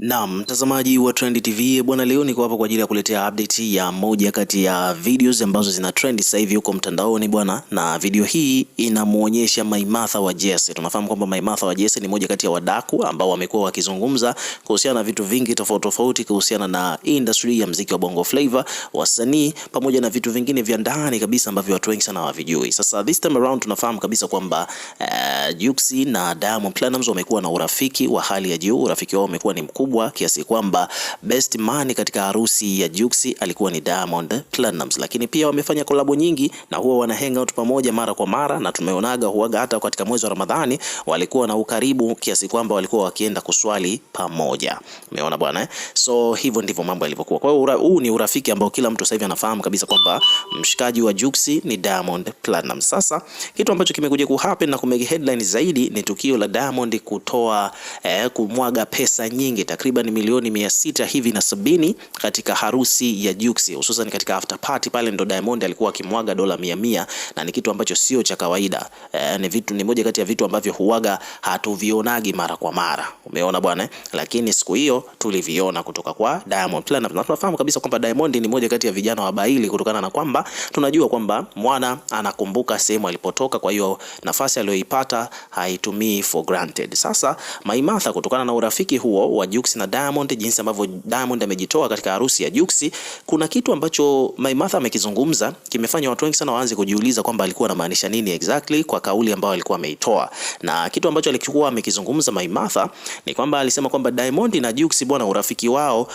Na mtazamaji wa Trend TV bwana, leo niko hapa kwa ajili ya kuletea update ya moja kati ya videos ambazo zina trend sasa hivi huko mtandaoni bwana, na video hii inamuonyesha Maimartha wa Jesse. Tunafahamu kwamba Maimartha wa Jesse ni moja kati ya wadaku ambao wamekuwa wakizungumza kuhusiana na vitu vingi tofauti tofauti kuhusiana na industry ya mziki wa Bongo Flava, wasanii pamoja na vitu vingine vya ndani kabisa ambavyo watu wengi sana hawavijui. Sasa this time around tunafahamu kabisa kwamba uh, eh, Juksi na Diamond Platnumz wamekuwa na urafiki wa hali ya juu, urafiki wao umekuwa ni mkubwa mkubwa kiasi kwamba best man katika harusi ya Jux alikuwa ni Diamond Platnumz, lakini pia wamefanya kolabo nyingi na huwa wana hang out pamoja mara kwa mara, na tumeonaga huaga hata katika mwezi wa Ramadhani walikuwa na ukaribu kiasi kwamba walikuwa wakienda kuswali pamoja. Umeona bwana eh? So hivyo ndivyo mambo yalivyokuwa. Kwa hiyo huu ni urafiki ambao kila mtu sasa hivi anafahamu kabisa kwamba mshikaji wa Jux ni Diamond Platnumz. Sasa kitu ambacho kimekuja ku happen na kumege headline zaidi ni tukio la Diamond kutoa eh, kumwaga pesa nyingi takriban milioni mia sita hivi na sabini katika harusi ya Jux, hususan katika after party pale ndo Diamond alikuwa akimwaga dola mia mia, na ni kitu ambacho sio cha kawaida e, ni vitu, ni moja kati ya vitu ambavyo huwaga hatuvionagi mara kwa mara, umeona bwana eh? Lakini siku hiyo tuliviona kutoka kwa Diamond Platinum, na tunafahamu kabisa kwamba Diamond ni moja kati ya vijana wa baili kutokana na kwamba tunajua kwamba mwana anakumbuka sehemu alipotoka, kwa hiyo nafasi aliyoipata haitumii for granted. Sasa Maimartha kutokana na urafiki huo wa Jux Juksi na Diamond, jinsi ambavyo Diamond amejitoa katika harusi ya Juksi, kuna kitu ambacho Maimartha amekizungumza kimefanya watu wengi sana waanze kujiuliza kwamba alikuwa anamaanisha nini exactly kwa kauli ambayo alikuwa ameitoa. Na kitu ambacho alikuwa amekizungumza Maimartha ni kwamba alisema kwamba Diamond na Juksi bwana, urafiki wao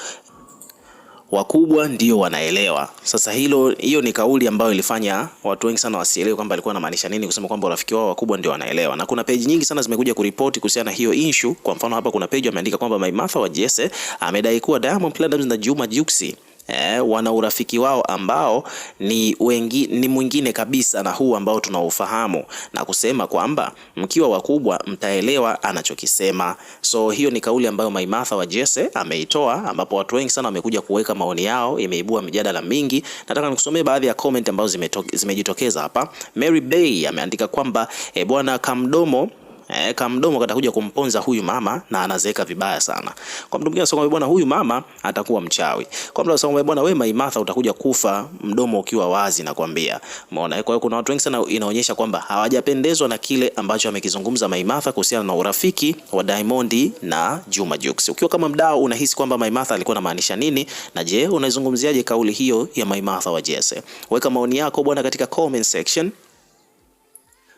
wakubwa ndio wanaelewa. Sasa hilo hiyo ni kauli ambayo ilifanya watu wengi sana wasielewe kwamba alikuwa anamaanisha nini kusema kwamba urafiki wao wakubwa ndio wanaelewa, na kuna page nyingi sana zimekuja kuripoti kuhusiana na hiyo issue. Kwa mfano hapa kuna page ameandika kwamba Maimartha wa Jesse amedai kuwa Diamond Platnumz na Juma Juksi eh, wana urafiki wao ambao ni, wengi, ni mwingine kabisa na huu ambao tunaufahamu na kusema kwamba mkiwa wakubwa mtaelewa anachokisema. So hiyo ni kauli ambayo Maimartha wa Jesse ameitoa, ambapo watu wengi sana wamekuja kuweka maoni yao, imeibua mijadala mingi. Nataka nikusomee baadhi ya comment ambazo zimejitokeza hapa. Mary Bay ameandika kwamba e, bwana Kamdomo eh, kamdomo katakuja kumponza huyu mama na anazeeka vibaya sana. Kwa mtu mwingine anasema bwana, huyu mama atakuwa mchawi. Kwa mtu anasema bwana, wewe Maimartha utakuja kufa mdomo ukiwa wazi, nakwambia. Umeona? Kwa hiyo kuna watu wengi sana inaonyesha kwamba hawajapendezwa na kile ambacho amekizungumza Maimartha kuhusiana na urafiki wa Diamond na Juma Jux. Ukiwa kama mdau unahisi kwamba Maimartha alikuwa anamaanisha nini, na je, unaizungumziaje kauli hiyo ya Maimartha wa Jesse? Weka maoni yako bwana katika comment section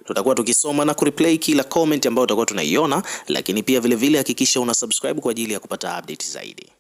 tutakuwa tukisoma na kureplay kila comment ambayo utakuwa tunaiona, lakini pia vilevile hakikisha una subscribe kwa ajili ya kupata update zaidi.